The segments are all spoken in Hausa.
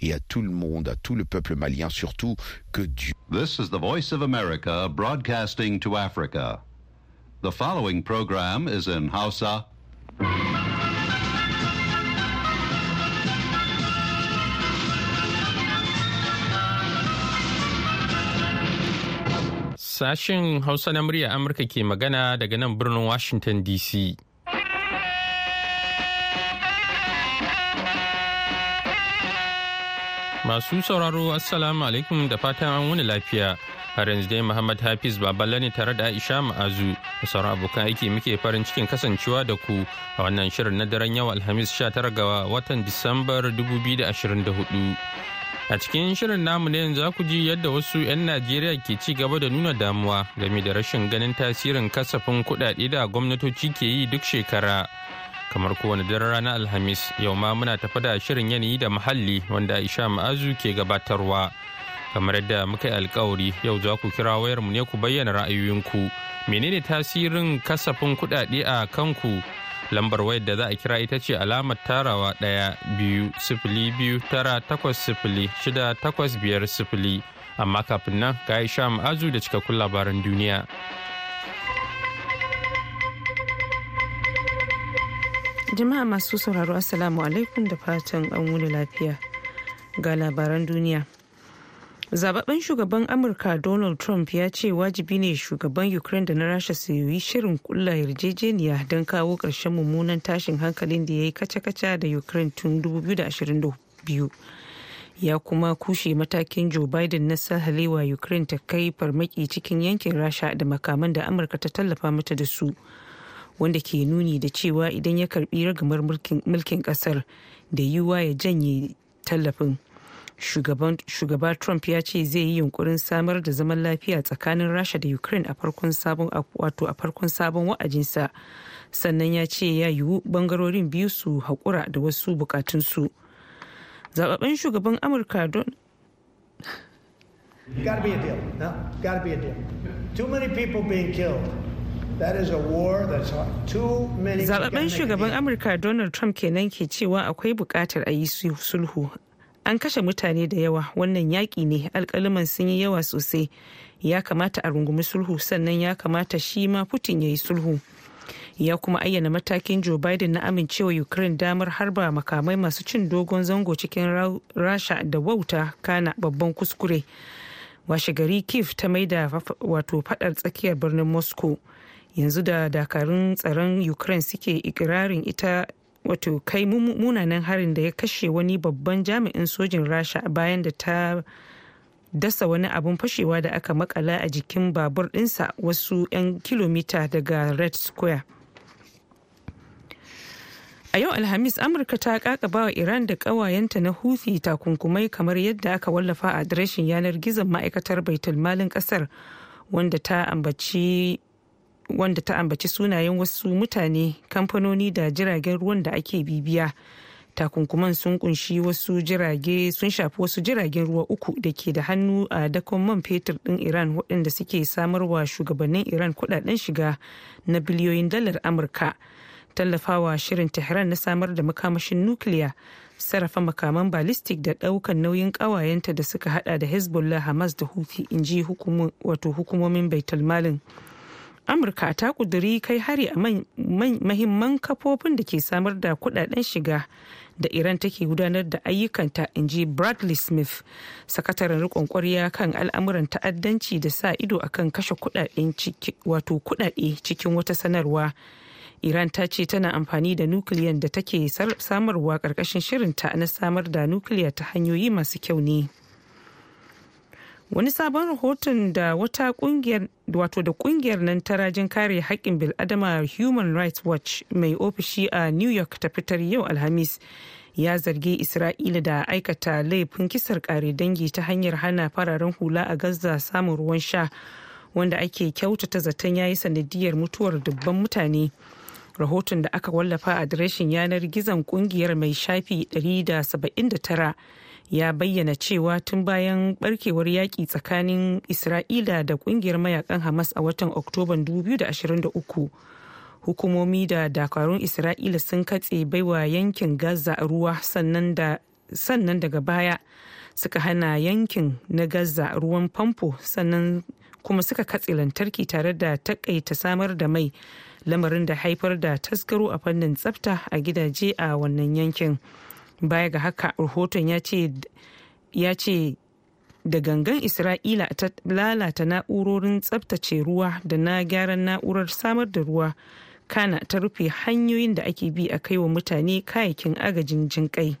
et à tout le monde, à tout le peuple malien surtout, que Dieu. This is the voice of America broadcasting to Africa. The following program is in Hausa. Sashen Hausa na murya Amurka ke magana daga nan birnin Washington DC. Masu sauraro Assalamu alaikum da fatan an wani lafiya. Har yanzu dai Muhammad Hafiz Baballe ne tare da Aisha Ma'azu da sauran abokan aiki muke farin cikin kasancewa da ku a wannan shirin na daren yau Alhamis 19 ga watan Disambar da 2024. A cikin shirin namu ne yanzu ku ji yadda wasu 'yan Najeriya ke ci gaba da nuna damuwa game da rashin ganin tasirin kasafin kuɗaɗe da gwamnatoci ke yi duk shekara. kamar kowane daren ranar alhamis yau ma muna tafa da shirin yanayi da muhalli wanda aisha ma'azu ke gabatarwa kamar yadda muka yi alkawari yau za ku kira wayar mu ne ku bayyana ra'ayoyinku menene tasirin kasafin kuɗaɗe a kanku lambar wayar da za a kira ita ce alamar tarawa ɗaya biyu sifili biyu tara takwas sifili shida takwas biyar sifili amma kafin nan ga aisha ma'azu da cikakkun labaran duniya. Jama'a masu sauraro Assalamu alaikum da fatan an wuni lafiya ga labaran duniya. Zababben shugaban Amurka Donald Trump ya ce wajibi ne shugaban Ukraine da na Rasha su yi shirin kulla yarjejeniya don kawo ƙarshen mummunan tashin hankalin da ya yi kaca-kaca da Ukraine tun 2022. Ya kuma kushe matakin Joe Biden na sahalewa Ukraine ta kai farmaki cikin yankin Rasha da makaman da Amurka ta tallafa mata da su. wanda ke nuni da cewa idan ya karbi ragamar mulkin kasar da yiwuwa ya janye tallafin shugaba trump ya ce zai yi yunkurin samar da zaman lafiya tsakanin rasha da ukraine a farkon sabon wato a farkon sabon wa'ajinsa sannan ya ce ya yiwu bangarorin biyu su haƙura da wasu bukatunsu zababben shugaban amurka don gotta be a deal no gotta be a deal too many people being killed zaɓaɓɓen shugaban Amurka Donald Trump kenan ke cewa akwai bukatar a yi sulhu. An kashe mutane da yawa wannan yaƙi ne alkaliman sun yi yawa sosai. Ya kamata a rungumi sulhu sannan ya kamata shi ma Putin ya yi sulhu. Ya kuma ayyana matakin Joe Biden na amincewa Ukraine damar harba makamai masu cin dogon zango cikin Rasha da wauta kana babban kuskure. Washe gari Kiev ta maida wato faɗar tsakiyar birnin Moscow. yanzu da dakarun tsaron ukraine suke ikirarin ita wato kai munanan harin da ya kashe wani babban jami'in sojin rasha bayan da ta dasa wani abun fashewa da aka makala a jikin babur dinsa wasu 'yan kilomita daga red square a yau alhamis amurka ta kakaba wa iran da kawayenta na hufi takunkumai kamar yadda aka wallafa a adireshin yanar gizon ma'aikatar baitulmalin kasar wanda ta ambaci wanda ta ambaci sunayen wasu mutane kamfanoni da jiragen ruwan da ake bibiya takunkuman sun kunshi wasu jirage sun shafi wasu jiragen ruwa uku da ke da hannu a dakon man fetur din iran waɗanda suke samarwa shugabannin iran kudaden shiga na biliyoyin dalar amurka tallafawa shirin tehran na samar da makamashin nukiliya sarrafa makaman ballistic da ɗaukan nauyin ƙawayenta da suka hada da hezbollah hamas da houthi in ji hukumomin baitulmalin amurka ta kuduri kai hari a mahimman kafofin da ke samar da kudaden shiga da iran take gudanar da ayyukanta in ji bradley smith sakataren rikon kwarya kan al'amuran ta'addanci da sa ido akan kashe kudade cikin wata sanarwa iran ta ce tana amfani da nukiliyan da take samarwa karkashin shirinta na samar da nukiliya ta hanyoyi masu kyau ne. wani sabon rahoton da wata kungiyar wato da kungiyar nan ta rajin kare haƙƙin bil'adama human rights watch mai ofishi a new york ta fitar yau alhamis ya zargi isra'ila da aikata laifin kisar kare dangi ta hanyar hana fararen hula a gaza samun ruwan sha wanda ake kyautata zaton yayi sanadiyar mutuwar dubban mutane rahoton da aka wallafa a adireshin yanar gizon kungiyar mai shafi 179 ya bayyana cewa tun bayan barkewar yaƙi tsakanin isra'ila da ƙungiyar mayakan hamas a watan oktoban 2023 hukumomi da dakarun isra'ila sun katse baiwa yankin gaza ruwa sannan daga baya suka hana yankin na gaza ruwan famfo sannan kuma suka katse lantarki tare da takaita samar da mai lamarin da haifar da taskaro a fannin tsafta a gidaje a wannan yankin. baya ga haka rahoton ya ce da gangan isra'ila ta lalata na'urorin tsabtace ruwa da na gyaran na'urar samar da ruwa kana ta rufe hanyoyin da ake bi a kai wa mutane kayakin agajin jinƙai.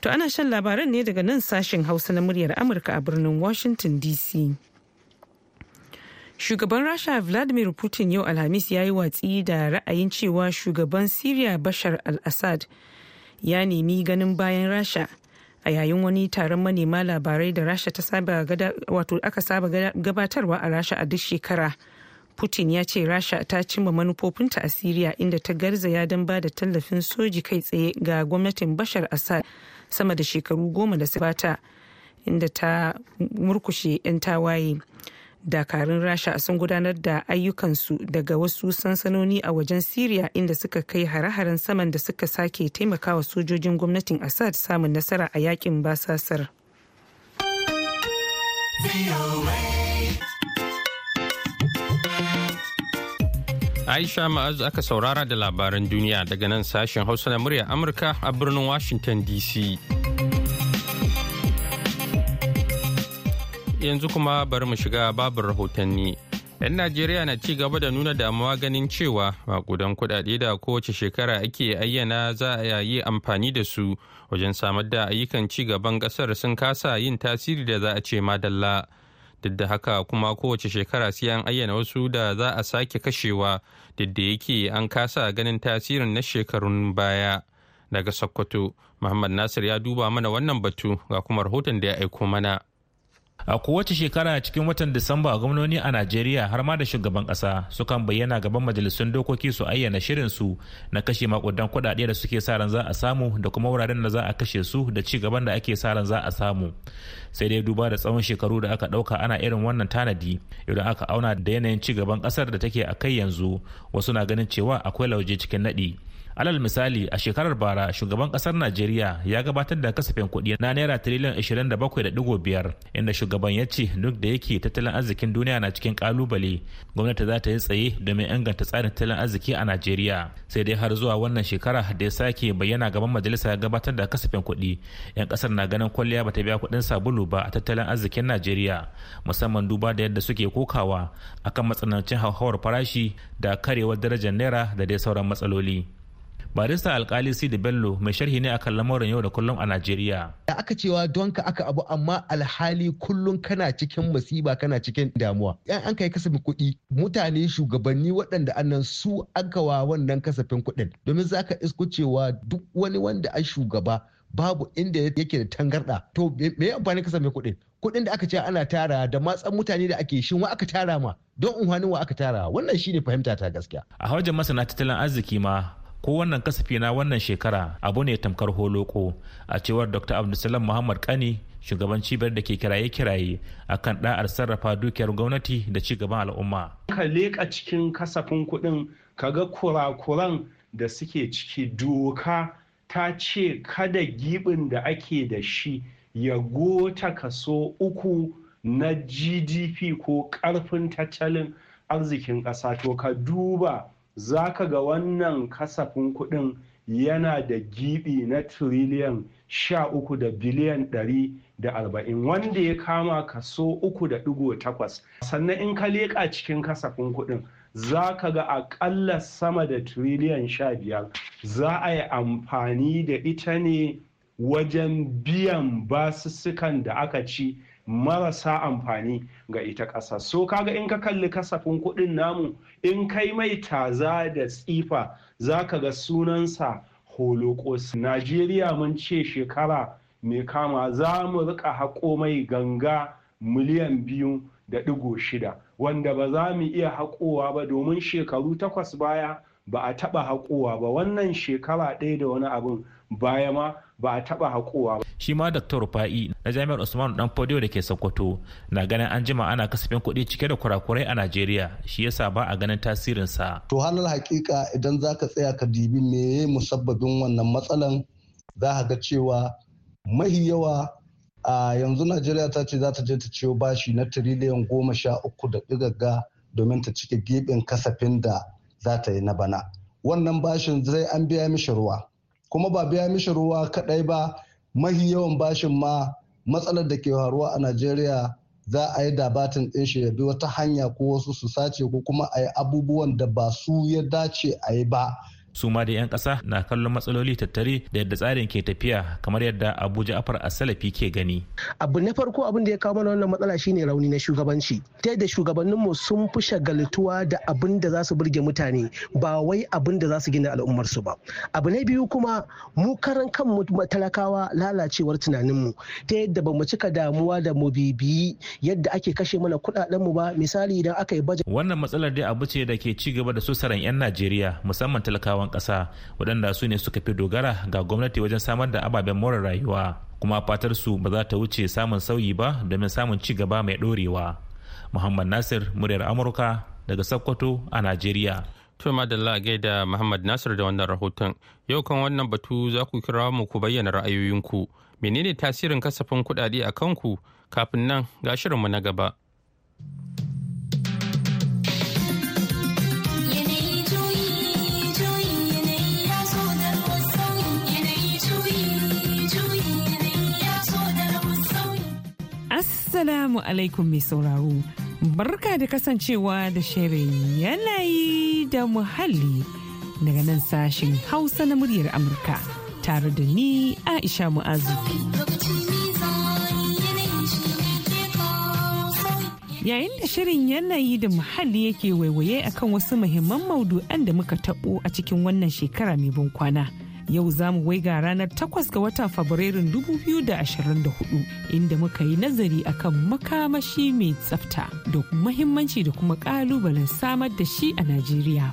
To ana shan labaran ne daga nan sashen Hausa na muryar Amurka a birnin Washington DC. Shugaban Rasha Vladimir Putin yau Alhamis ya yi watsi da ra'ayin cewa shugaban Syria Bashar al-Assad ya nemi ganin bayan rasha a yayin wani taron manema labarai da rasha ta saba wato aka saba gabatarwa a rasha a duk shekara putin ya ce rasha ta cimma manufofinta a syria inda ta garzaya don ba da tallafin soji kai tsaye ga gwamnatin bashar assad sama da shekaru goma da su bata inda ta murkushe 'yan tawaye dakarun rasha sun gudanar da ayyukansu daga wasu sansanoni a wajen syria inda suka kai hare-haren saman da suka sake taimakawa sojojin gwamnatin assad samun nasara a yakin basasar aisha ma'azu aka saurara da labaran duniya daga nan sashen hausa na murya amurka a birnin washington dc Yanzu kuma bari mu shiga babu rahotanni. 'Yan Najeriya na ci gaba da nuna damuwa ganin cewa makudan kudade da kowace shekara ake ayyana za a yi amfani da su wajen samar da ayyukan ci gaban ƙasar sun kasa yin tasiri da za a ce madalla. duk da haka kuma kowace shekara sai an ayyana wasu da za a sake kashewa duk da yake an kasa ganin tasirin na shekarun baya daga sokoto muhammad nasir ya duba mana wannan batu ga kuma rahoton da ya aiko mana a kowace shekara cikin watan disamba gwamnoni a najeriya har ma da shugaban kasa sukan bayyana gaban majalisun dokoki su ayyana shirin su na kashe makudan kudade da suke sa ran za a samu da kuma wuraren da za a kashe su da ci gaban da ake sa ran za a samu sai dai duba da tsawon shekaru da aka ɗauka ana irin wannan tanadi idan aka auna da yanayin ci gaban ƙasar da take a kai yanzu wasu na ganin cewa akwai lauje cikin nadi. alal misali a shekarar bara shugaban kasar najeriya ya gabatar da kasafin kuɗi na naira tiriliyan biyar inda shugaban ya ce duk da yake tattalin arzikin duniya na cikin kalubale gwamnati za ta yi tsaye domin inganta tsarin tattalin arziki a najeriya sai dai har zuwa wannan shekara da ya sake bayyana gaban majalisa ya gabatar da kasafin kuɗi yan kasar na ganin kwalliya ba ta biya kuɗin sabulu ba a tattalin arzikin najeriya musamman duba da yadda suke kokawa akan matsanancin hauhawar farashi da karewar darajar naira da dai sauran matsaloli barista alkali da bello mai sharhi ne akan lamarin yau da kullum a najeriya da aka cewa don ka aka abu amma alhali kullum kana cikin masiba kana cikin damuwa yan an kai kasafin kuɗi mutane shugabanni waɗanda annan su aka wa wannan kasafin kuɗin domin za ka isko cewa duk wani wanda a shugaba babu inda yake da tangarda, to me amfani kasafin kuɗin kuɗin da aka ce ana tara da matsan mutane da ake shin wa aka tara ma don unhwanin wa aka tara wannan shine fahimta ta gaskiya a hawajin masana tattalin arziki ma ko wannan kasafi na wannan shekara abu ne tamkar holoko a cewar dr abdulsalam muhammad kani shugaban cibiyar da ke kiraye-kiraye akan da'ar sarrafa dukiyar gwamnati da ci gaban al'umma ka leka cikin kasafin kuɗin ka ga kurakuran da suke ciki doka ta ce kada gibin da ake da shi ya gota kaso uku na gdp ko karfin tattalin arzikin ƙasa to ka duba za ka ga wannan kasafin kuɗin yana da gibi na tiriliyan sha uku da biliyan ɗari da arba'in wanda ya kama kaso uku da ɗigo takwas sannan in ka leƙa cikin kasafin kuɗin za ka ga aƙalla sama da tiriliyan sha biyar za a yi amfani da ita ne wajen biyan basussukan da aka ci marasa amfani ga ita ƙasa so kaga in ka kalli kasafin kuɗin namu in kai mai taza da tsifa za ka ga sunansa holocaust. najeriya mun ce shekara mai kama za mu rika haƙo mai ganga miliyan biyu da ɗigo shida wanda ba za mu iya haƙowa ba domin shekaru takwas baya ba a taɓa haƙowa ba wannan shekara ɗaya da wani abin baya ma ba a taɓa haƙowa ba. Shi ma Dr. Rufa'i na Jami'ar Usman Dan Fodiyo da ke Sokoto na ganin an jima ana kasafin kuɗi cike da kurakurai a Najeriya shi yasa ba a ganin tasirin sa To halar hakika idan za ka tsaya ka dibi me musabbabin wannan matsalan za ka ga cewa mahi yawa a yanzu Najeriya ta ce za ta je ta ciyo bashi na tiriliyan goma sha uku da ɗigagga domin ta cike gibin kasafin da za ta yi na bana. Wannan bashin zai an biya mishi ruwa. kuma ba biya mishi ruwa kaɗai ba mahi yawan bashin ma matsalar da ke faruwa a najeriya za a yi dabatin ɗin shi ya bi wata hanya ko wasu su sace ko kuma a yi abubuwan da ba su ya dace a yi ba su ma da 'yan ƙasa na kallon matsaloli tattare da yadda tsarin ke tafiya kamar yadda abuja afar salafi ke gani abu na farko abin da ya kawo mana wannan matsala shine rauni na shugabanci ta yadda shugabanninmu sun fi shagaltuwa da abin da za su burge mutane ba wai abin da za su gina al'ummarsu ba abu na biyu kuma mu karan kanmu talakawa lalacewar tunaninmu ta yadda ba mu cika damuwa da mu bibiyi yadda ake kashe mana kuɗaɗenmu ba misali idan aka yi baje wannan matsalar dai abu ce da ke ci gaba da susaran 'yan najeriya musamman talakawan shugaban ƙasa waɗanda su ne suka fi dogara ga gwamnati wajen samar da ababen more rayuwa kuma fatar su ba za ta wuce samun sauyi ba domin samun ci gaba mai ɗorewa muhammad nasir muryar amurka daga sokoto a najeriya To Madalla gaida Muhammad Nasir da wannan rahoton. Yau kan wannan batu za ku kira mu ku bayyana ra'ayoyinku. Menene tasirin kasafin kuɗaɗe a kanku kafin nan ga shirinmu na gaba. Assalamu alaikum mai sauraro. Barka da kasancewa da shirin yanayi da muhalli daga nan sashen Hausa na muryar Amurka tare da ni Aisha Mu'azu. Yayin da shirin yanayi da muhalli yake waiwaye akan wasu muhimman maudu'an da muka taɓo a cikin wannan shekara mai ban kwana. yau za mu waiga ranar 8 ga watan fabrairun 2024 inda muka yi nazari akan makamashi mai tsafta da muhimmanci da kuma kalubalen samar da shi a Najeriya.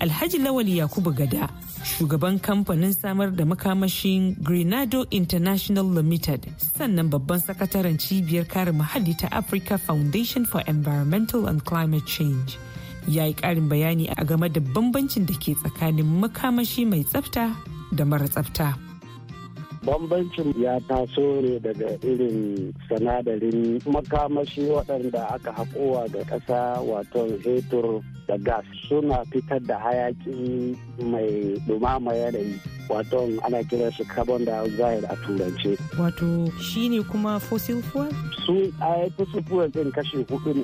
Alhaji Lawali Yakubu Gada, shugaban kamfanin samar da makamashin Grenado International Limited, sannan babban sakataren cibiyar kare muhalli ta Africa Foundation for Environmental and Climate Change. ya yi ƙarin bayani a game da bambancin da ke tsakanin makamashi mai tsafta da mara tsafta. bambancin ya taso ne daga irin sanadarin makamashi waɗanda aka haƙowa ga ƙasa wato hetur da gas suna fitar da hayaƙi mai ɗumama yanayi wato ana kiran shi carbon dioxide a turance. Wato shi ne kuma fossil fuel? Su a fossil fuel ɗin kashi hudu ne.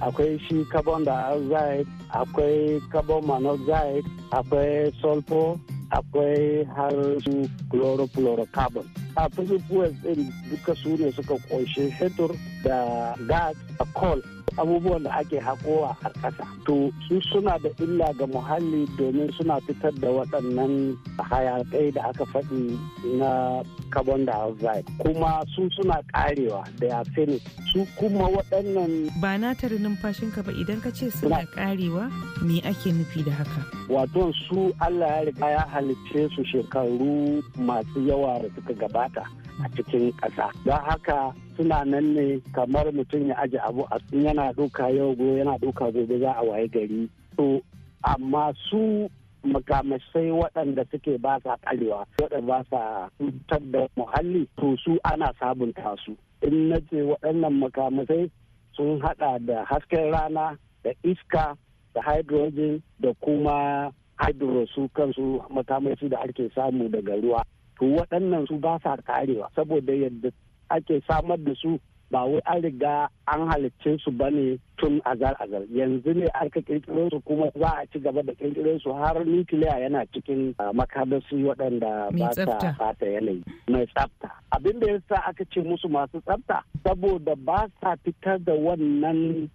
akwai shi carbon dioxide akwai carbon monoxide akwai sulfur akwai har su chlorofluorocarbon a fuel din duka su ne suka ƙunshi hetur da gas da coal abubuwan da ake haƙowa a ƙasa. To su suna da illa ga muhalli domin suna fitar da waɗannan hayaƙai da aka faɗi na carbon dioxide kuma su suna ƙarewa da arsenic su kuma waɗannan. Ba na tare numfashinka ba idan ka ce suna ƙarewa me ake nufi da haka? Wato su Allah ya riga ya halicce su shekaru masu yawa da suka gabata. a cikin ƙasa don haka suna nan ne kamar mutum ya aji abu a yana ɗauka yau gobe yana ɗauka gobe za a waye gari to amma su makamashai waɗanda suke ba sa ƙarewa waɗanda ba sa cutar da muhalli to su ana sabunta su in na ce waɗannan makamashai sun haɗa da hasken rana da iska da hydrogen da kuma hydro su kansu makamashi da ake samu daga ruwa to waɗannan su ba sa karewa saboda yadda ake samar da su ba wai an riga an halicce su ba ne tun azar azar yanzu ne aka kirkiro su kuma za a ci gaba da kirkiro su har nukiliya yana cikin ah, makadarsu waɗanda ba sa fata yanayi mai tsafta abin da yasa aka ce musu masu tsafta saboda ba sa fitar da wannan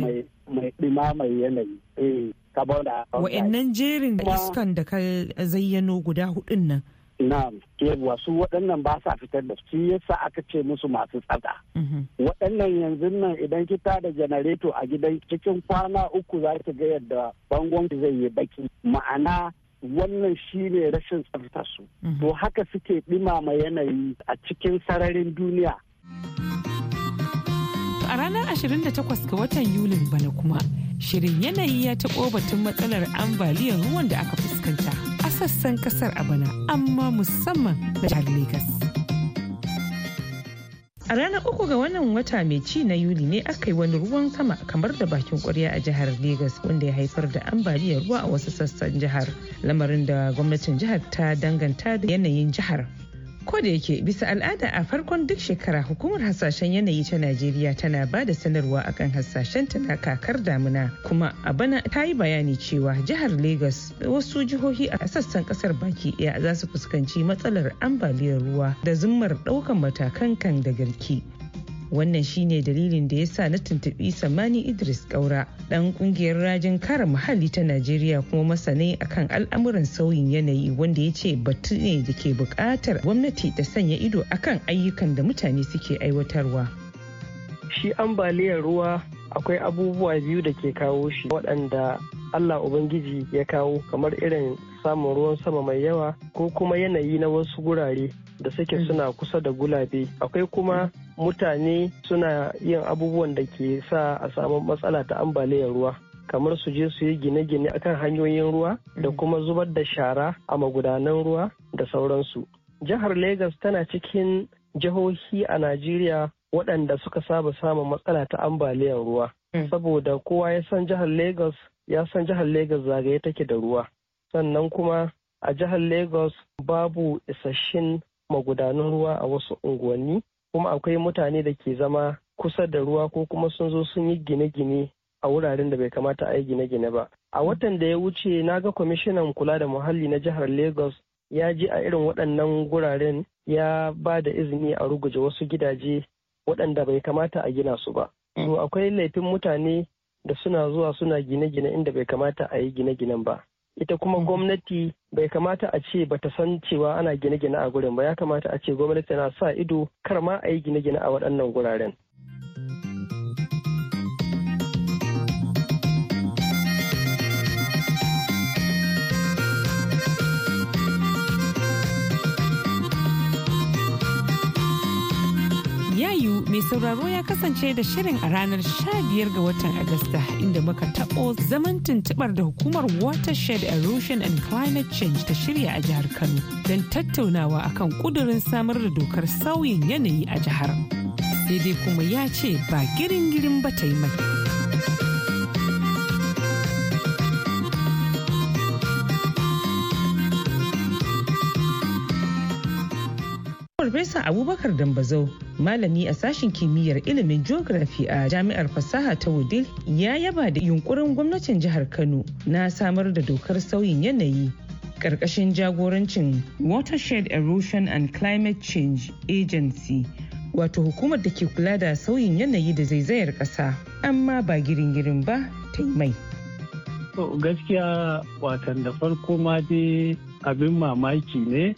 mai ɗima mai yanayi eh kabon da jerin iskan da ka zayyano guda hudun nan na yawwa su waɗannan ba sa fitar da shi yasa aka ce musu masu tsada mhm. waɗannan yanzu nan idan kita da janareto a gidan cikin kwana uku za ki ga yadda bangon zai yi baki ma'ana wannan shi ne rashin tsaftar su mhm. to haka suke ɗimama yanayi a cikin sararin duniya. a ranar 28 ga watan Yulin bana kuma, shirin yanayi ya taɓo batun matsalar ambaliyar ruwan da aka fuskanta a sassan kasar a bana, amma musamman da jihar Legas. A ranar uku ga wannan wata mai ci na Yuli ne aka yi wani ruwan sama kamar da bakin kwarya a jihar Legas wanda ya haifar da ambaliyar ruwa a wasu sassan jihar. Lamarin da gwamnatin jihar ta danganta da yanayin jihar Kodayake bisa al'ada a farkon duk shekara hukumar hasashen yanayi ta Najeriya tana ba da sanarwa akan hasashen ta na kakar damina kuma a bana ta yi bayani cewa jihar Legas da wasu jihohi a sassan kasar baki ɗaya za su fuskanci matsalar ambaliyar ruwa da zummar ɗaukan matakan kan da garki. Wannan shine dalilin da ya sa na tuntuɓi Samani Idris ƙaura ɗan ƙungiyar rajin kare muhalli ta Najeriya kuma masane akan al'amuran sauyin yanayi wanda ya ce batu ne da ke buƙatar gwamnati ta sanya ido akan ayyukan da mutane suke aiwatarwa. Shi ambaliyar ruwa akwai abubuwa biyu da ke kawo shi waɗanda Allah Ubangiji ya kawo kamar irin samun ruwan sama mai yawa ko kuma yanayi na wasu gurare da suke mm. suna kusa da gulabe akwai kuma mutane suna yin abubuwan da ke sa a samu matsala ta ambaliyar ruwa kamar su je su yi gine-gine akan hanyoyin ruwa da kuma zubar da shara a magudanan ruwa da sauransu. Jihar Legas tana cikin jihohi a Najeriya waɗanda suka saba samun matsala ta ambaliyar ruwa. Hmm. Saboda kowa ya san jihar Legas ya san jihar Legas zagaye take da ruwa. Sannan kuma a jihar Legas babu isasshin magudanan ruwa a wasu unguwanni kuma akwai mutane da ke zama kusa da ruwa ko kuma sun zo sun yi gine-gine a wuraren da bai kamata a yi gine-gine ba. A watan da ya wuce na ga kwamishinan kula da muhalli na jihar Lagos ya ji a irin waɗannan guraren ya ba da izini a ruguje wasu gidaje waɗanda bai kamata a gina su ba. To akwai laifin mutane da suna zuwa suna gine-gine inda bai kamata a yi gine-ginen ba. ita kuma mm. gwamnati bai kamata a ce bata san cewa ana gine-gine a gurin ba ya kamata a ce gwamnati na sa ido kar ma a yi gine-gine a waɗannan guraren Aliyu mai sauraro ya kasance da shirin a ranar 15 ga watan Agusta inda muka taɓo zaman tuntubar da hukumar Watershed Erosion and Climate Change ta shirya a jihar Kano don tattaunawa akan kudurin samar da dokar sauyin yanayi a jihar. sai dai kuma ya ce ba girin girin ba ta yi mai. abubakar dambazau malami a sashen kimiyyar ilimin geography a jami'ar fasaha ta wudil ya yaba da yunkurin gwamnatin jihar kano na samar da dokar sauyin yanayi ƙarƙashin jagorancin watershed erosion and climate change agency wato hukumar da ke kula da sauyin yanayi da zaizayar ƙasa amma ba girin-girin ba ta yi mai. gaskiya watan da farko ma dai abin mamaki ne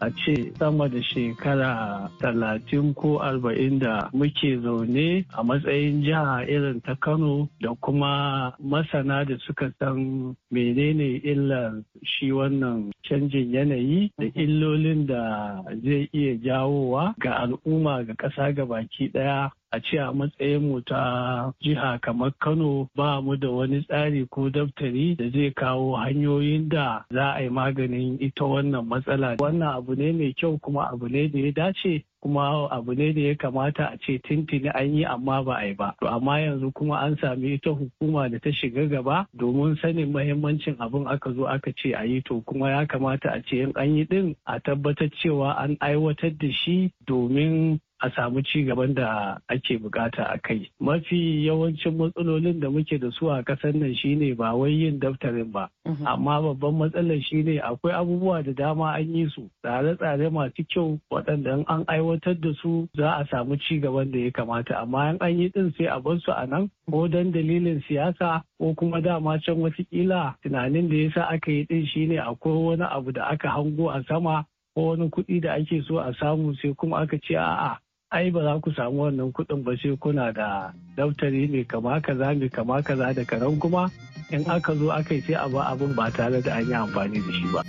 a ce sama da shekara talatin ko arba'in da muke zaune a matsayin jiha irin ta Kano da kuma masana da suka san menene illar shi wannan canjin yanayi da illolin da zai iya jawowa ga al'umma ga ƙasa ga baki ɗaya a ce a matsayin mu ta jiha kamar Kano ba mu da wani tsari ko daftari da zai kawo hanyoyin da za a yi maganin ita wannan matsala. Wannan abu ne mai kyau kuma abu ne da ya dace kuma abu ne da ya kamata a ce tintini an yi amma ba a yi ba. To amma yanzu kuma an sami ita hukuma da ta shiga gaba domin sanin mahimmancin abin aka zo aka ce a yi to kuma ya kamata a ce in an yi din a tabbatar cewa an aiwatar da shi domin a samu ci gaban da ake bukata a kai mafi yawancin matsalolin da muke da su a kasar nan shine ba wai yin daftarin ba mhm. amma babban matsalar shine akwai abubuwa da dama an yi su tsare-tsare masu kyau waɗanda an aiwatar da su za a samu ci gaban da ya kamata amma an yi din sai a bar su a nan ko dan dalilin siyasa ko kuma dama can watakila tunanin da yasa aka yi din shine akwai wani abu da aka hango a sama ko wani kuɗi da ake so a samu sai kuma aka ce a'a ai ba za ku samu wannan kuɗin ba sai kuna da daftari mai kama kaza mai kama kaza da karan kuma in aka zo aka yi sai a ba abin ba tare da an yi amfani da shi ba.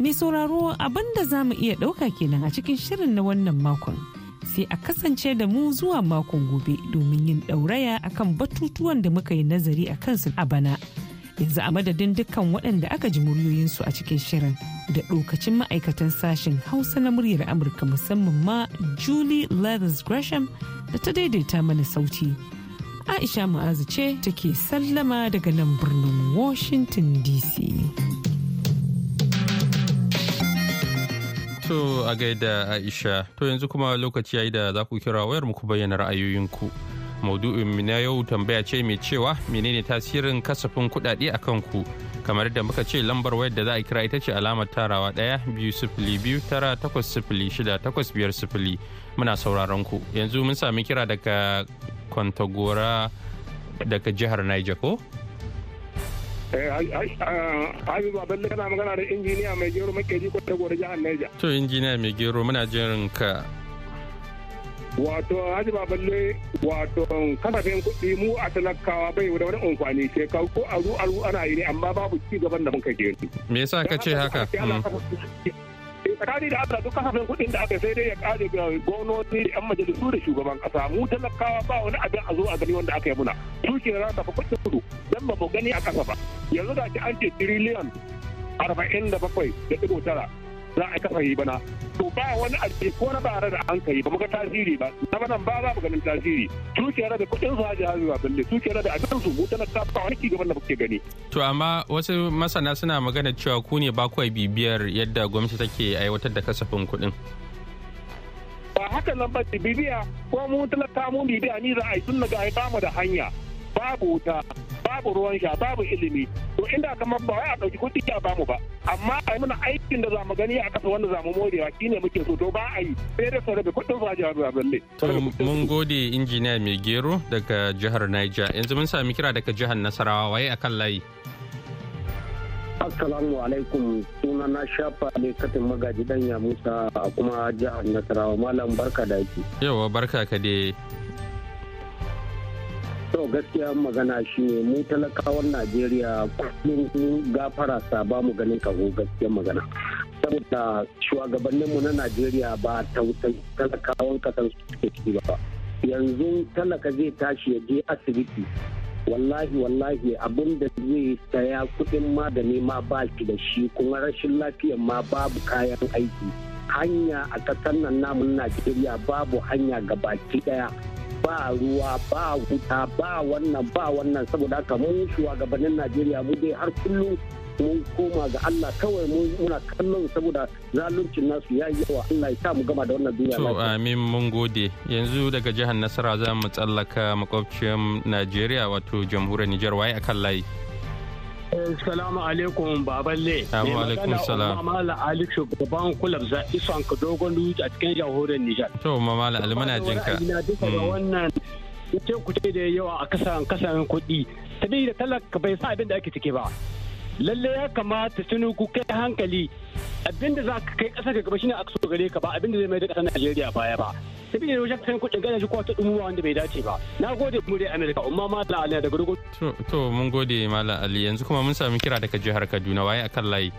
Mai sauraro abin da za mu iya ɗauka kenan a cikin shirin na wannan makon. sai a kasance da mu zuwa makon gobe domin yin ɗauraya akan batutuwan da muka yi nazari a kansu a bana yanzu a madadin dukkan waɗanda aka ji muryoyinsu a cikin shirin da ɗokacin ma'aikatan sashen hausa na muryar amurka musamman ma julie leathers gresham da ta daidaita mana sauti aisha ma'azu ce take sallama daga nan birnin washington dc to a gaida aisha to yanzu kuma lokaci ya yi da za ku kira wayar muku bayyana ra'ayoyinku. maudu'in mu na yau tambaya ce mai cewa menene tasirin kasafin kuɗaɗe a kan ku kamar da muka ce lambar wayar da za a kira ita ce alamar tarawa ɗaya biyu sifili biyu tara takwas sifili shida takwas biyar sifili muna sauraron ku yanzu mun sami kira daga kwantagora daga jihar niger ko eh, ah, Habibu Abdullahi kana magana da injiniya mai gero makeji kwantagora jihar Niger. To injiniya mai gero muna jin ka wato haji balle wato kasafin kuɗi mu a talakawa bai da wani amfani ce ka ko a aru ana yi ne amma babu ci gaban da muka je me yasa ka ce haka mm. tsakani da Allah duk kasafin kuɗin da aka sai dai ya kare ga gwamnati da 'yan majalisu da shugaban kasa mu talakawa ba wani abin a zo a gani wanda aka yi muna su ke rasa fa kuɗi kudu dan ba mu gani a kasa ba yanzu da an ce tiriliyan arba'in da bakwai da ɗigo tara za a kafa yi bana to ba wani arziki ko na bara da an kai ba ga tasiri ba na bana ba za mu ganin tasiri tuke da kuɗin su haji hazuwa balle tuke ke da abin su wuta na kafa wani gaban da kuke gani. to amma wasu masana suna magana cewa ku ne ba bibiyar yadda gwamnati take aiwatar da kasafin kuɗin. ba haka nan ba bibiya ko mun talaka mun bibiya ni za a yi tun daga ba mu da hanya babu wuta babu ruwan sha babu ilimi to inda kamar ba wai a ɗauki kuɗi a bamu ba amma a yi mana aikin da zamu gani a kasa wanda zamu morewa shine muke so to ba a yi sai da sarrafa kuɗin faji a zaballe. to mun gode injiniya mai gero daga jihar Niger yanzu mun sami kira daga jihar Nasarawa waye akan layi. Assalamu alaikum suna na shafa ne katin magaji danya musa a kuma jihar Nasarawa malam barka da yake. Yawa barka ka dai. to gaskiya magana shi ne mu talakawan najeriya kullum gafara sa ba mu ganin kaho gaskiya magana saboda mu na najeriya ba tausayi talakawan kasar suke ciki ba yanzu talaka zai tashi ya je asibiti wallahi wallahi abin da zai saya kudin magani ma ba shi da shi kuma rashin lafiyan ma babu kayan aiki hanya a kasar nan namun najeriya babu hanya ga baki daya ba ruwa ba wuta ba wannan ba wannan saboda haka mun shuwa gabanin najeriya mu dai har kullum mun koma ga Allah kawai muna kallon saboda zaluncin nasu ya yi yawa Allah ya sa mu gama da wannan duniya to amin mun gode yanzu daga jihar nasara za mu tsallaka makwabciyar Najeriya wato jamhuriyar Nijar waye akan layi Salamu alaikum baballe. Salamu alaikum salam. la Ali shugaban kulab za isan ka dogon luji a cikin jamhuriyar Nijar. To la Ali muna jin ka. Ina duka hmm. wannan ce ku da yawa a kasan kasan kuɗi. Tabi da talaka bai sa abin da ake ciki ba. Lalle ya kamata ku kai hankali abinda za ka kai ƙasar ka gaba shine a gare ka ba abinda zai mai da ƙasar Najeriya baya ba. sabida da wajen kan kuɗin gana jikuwa ta ɗumuwa wanda bai dace ba na gode mu dai amerika umma ma da ali daga dogo to mun gode mala ali yanzu kuma mun sami kira daga jihar kaduna waye akan layi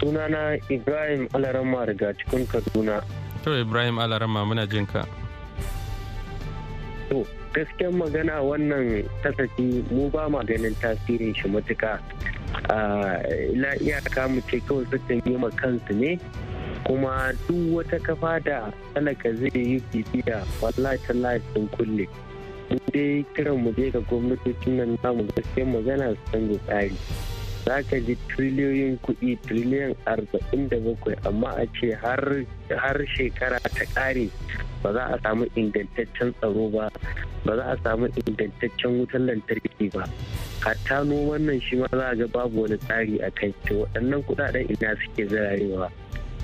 sunana ibrahim alarama daga cikin kaduna to ibrahim alarama muna jin ka to gaskiyar magana wannan tasafi mu ba ma ganin tasirin shi matuka ila ah, iyaka mu ce kawai sukan yi ma kansu ne kuma duk wata kafa da talaka zai yi bibiya wallahi tallahi sun kulle dai kiran mu je ga gwamnatocin nan namu gaske magana su canza tsari za ka ji triliyoyin kuɗi triliyan arba'in da bakwai amma a ce har shekara ta ƙare ba za a samu ingantaccen tsaro ba ba za a samu ingantaccen wutar lantarki ba hatta noman nan shi ma za a ga babu wani tsari a kai waɗannan kuɗaɗen ina suke zirarewa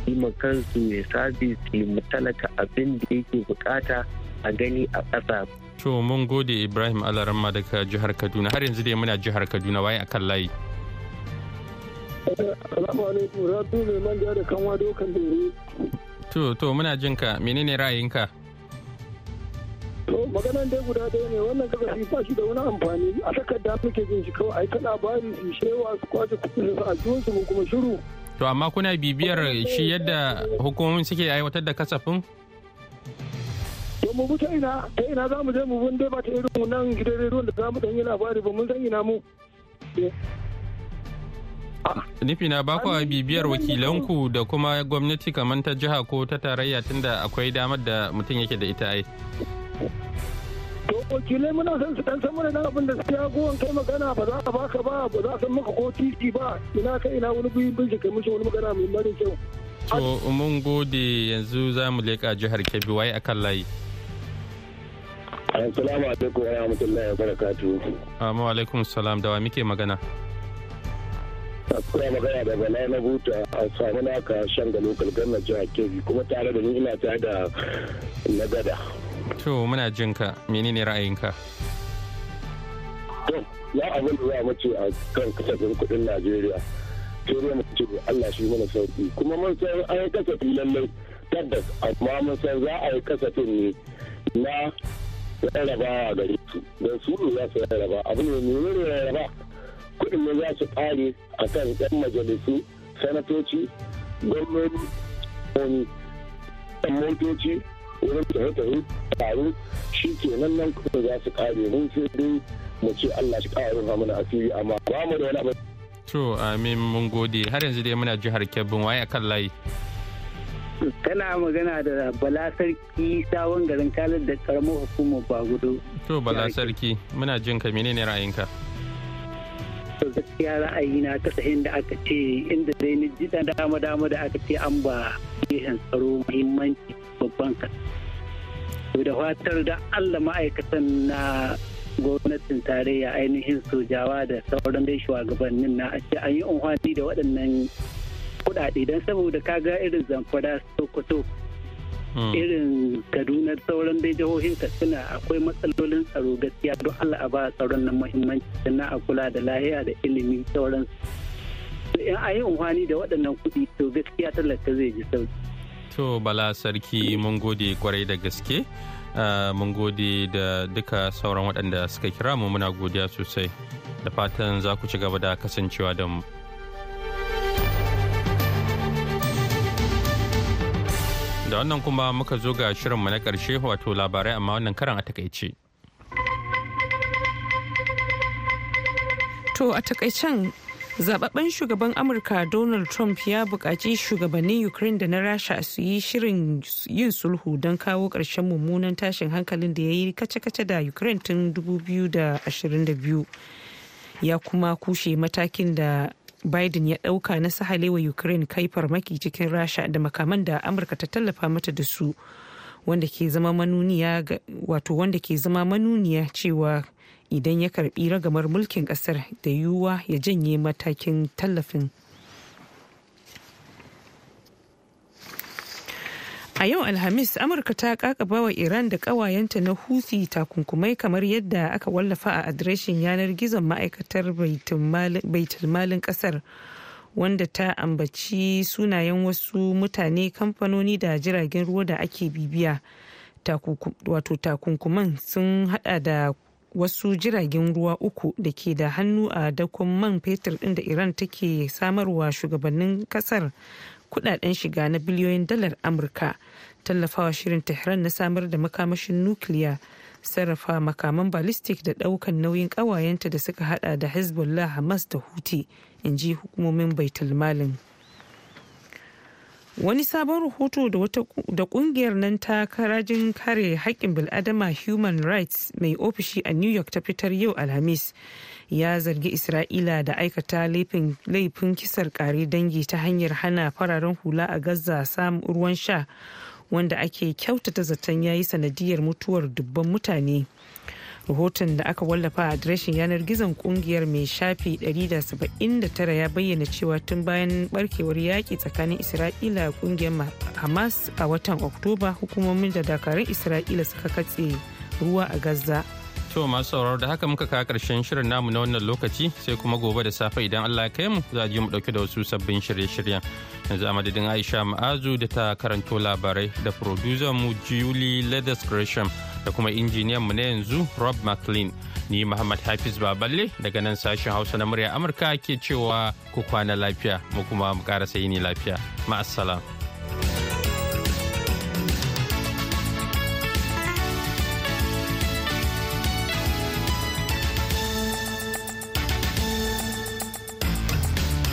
yi ma kansu ya sabis yi matalaka talaka abin da yake bukata a gani a ƙasa. To mun gode Ibrahim Alaramma daga jihar Kaduna har yanzu dai muna jihar Kaduna waye akan layi. Assalamu alaikum Rabi mai manja da kanwa dokan dore. To to muna jin ka menene ra'ayinka? To maganan dai guda ɗaya ne wannan kaga ba shi da wani amfani a takarda muke jin shi kawai ai ta labari shi shewa su kwace kuɗin su a su kuma shiru. to amma kuna bibiyar shi yadda hukumomin suke aiwatar da kasafin to mu ta ina ta ina za mu je mu bin dai ba ta irin nan gidan ruwan da za mu yi labari ba mun san ina mu nufina ba kwa bibiyar wakilanku da kuma gwamnati kamar ta jiha ko ta tarayya tunda akwai damar da mutum yake da ita ai to wakilai muna son su dan san mana dan abin da su ya gowan kai magana ba za a baka ba ba za san maka ko titi ba ina ka ina wani biyu bincike mishi wani magana mai mara kyau to mun gode yanzu za mu leƙa jihar Kebbi wai akan layi Assalamu alaikum wa rahmatullahi wa barakatuh. Amma alaikum salam da wa muke magana? kuma magana da bala na buta a samu naka shan ga lokal gannan jihar kebbi kuma tare da ni ina tare da nagada To muna jin menene ra'ayinka? Ya abin da za mu ce a kan kasafin kuɗin Najeriya. Sai dai mu ce Allah shi mana sauki kuma mun san an yi kasafi lallai tabbas amma mun san za a yi kasafin ne na rarraba a gare su don su ne za su rarraba abin da nuna ne rarraba kuɗin ne za su ƙare a kan ɗan majalisu sanatoci gwamnoni motoci wurin ya tafi taro shi ke nan nan kuma za su kare mun sai dai mu ce Allah shi kare na asiri amma ba mu da wani abu. To amin mun gode har yanzu dai muna jihar Kebbi waye akan layi. Kana magana da Bala Sarki sabon garin kalar da karamar hukumar Bagudu. To Bala Sarki muna jin ka menene ra'ayinka? to gaskiya ra'ayi na ta sahin da aka ce inda dai ni ji dama dama da aka ce an ba tarihin tsaro muhimmanci babban kasa. da fatar da Allah ma'aikatan na gwamnatin tarayya ainihin sojawa da sauran dai shugabannin na a ce an yi unhwani da waɗannan kuɗaɗe don saboda kaga irin zamfara sokoto hmm. irin kaduna sauran dai jihohin katsina akwai matsalolin tsaro gaskiya don allah a ba tsaron nan muhimmanci sannan a kula da lahiya da ilimi sauransu in a yi amfani da waɗannan kuɗi to gaskiya talaka zai ji sauki. to bala sarki mun gode kwarai da gaske ah, mun gode da duka sauran waɗanda suka kira mu muna godiya sosai da fatan za ku ci gaba da kasancewa da mu. da wannan kuma muka zo ga shirinmu na ƙarshe wato labarai amma wannan karan a takaice. To a takaicen zababben shugaban amurka donald trump ya buƙaci shugabannin ukraine da na rasha su yi shirin yin sulhu don kawo ƙarshen mummunan tashin hankalin da ya yi kace-kace da ukraine tun 2022 ya kuma kushe matakin da biden ya ɗauka na sahale wa ukraine kai farmaki cikin rasha da makaman da amurka ta tallafa mata da su wanda ke zama manuniya cewa idan ya karbi ragamar mulkin kasar da yiwuwa ya janye matakin tallafin A yau Alhamis, Amurka ta kakaba wa Iran da kawayenta na husi takunkumai kamar yadda aka wallafa a adireshin yanar gizon ma'aikatar malin kasar wanda ta ambaci sunayen wasu mutane kamfanoni da jiragen ruwa da ake bibiya. Wato takunkuman sun hada da wasu jiragen ruwa uku da ke da hannu a dakon man fetur din da iran take samarwa shugabannin kasar kudaden shiga na biliyoyin dalar amurka tallafawa shirin tehran na samar da makamashin nukiliya sarrafa makaman ballistic da daukan nauyin kawayenta da suka hada da hezbollah hamas da huti in ji hukumomin baitul malin. wani sabon rahoto da kungiyar nan ta karajin kare haƙƙin bil'adama human rights mai ofishi a new york ta fitar yau alhamis ya zargi isra'ila da aikata laifin kisar ƙari dangi ta hanyar hana fararen hula a gaza samun ruwan sha wanda ake kyautata zaton yayi sanadiyar mutuwar dubban mutane rahoton da aka wallafa a adireshin yanar gizon kungiyar mai shafi 179 ya bayyana cewa tun bayan barkewar yaƙi tsakanin isra'ila kungiyar hamas a watan oktoba hukumomin da dakarun isra'ila suka katse ruwa a gaza to masu sauraro da haka muka kawo karshen shirin namu na wannan lokaci sai kuma gobe da safe idan allah ya kai mu za a ji mu dauke da wasu sabbin shirye-shiryen yanzu a madadin aisha ma'azu da ta karanto labarai da producer mu julie leathers gresham da kuma injiniyan mu na yanzu Rob McLean. Ni Muhammad Hafiz Baballe daga nan sashen Hausa na murya Amurka ke cewa ku kwana lafiya mu kuma mu ƙara yini lafiya. Ma'assalam.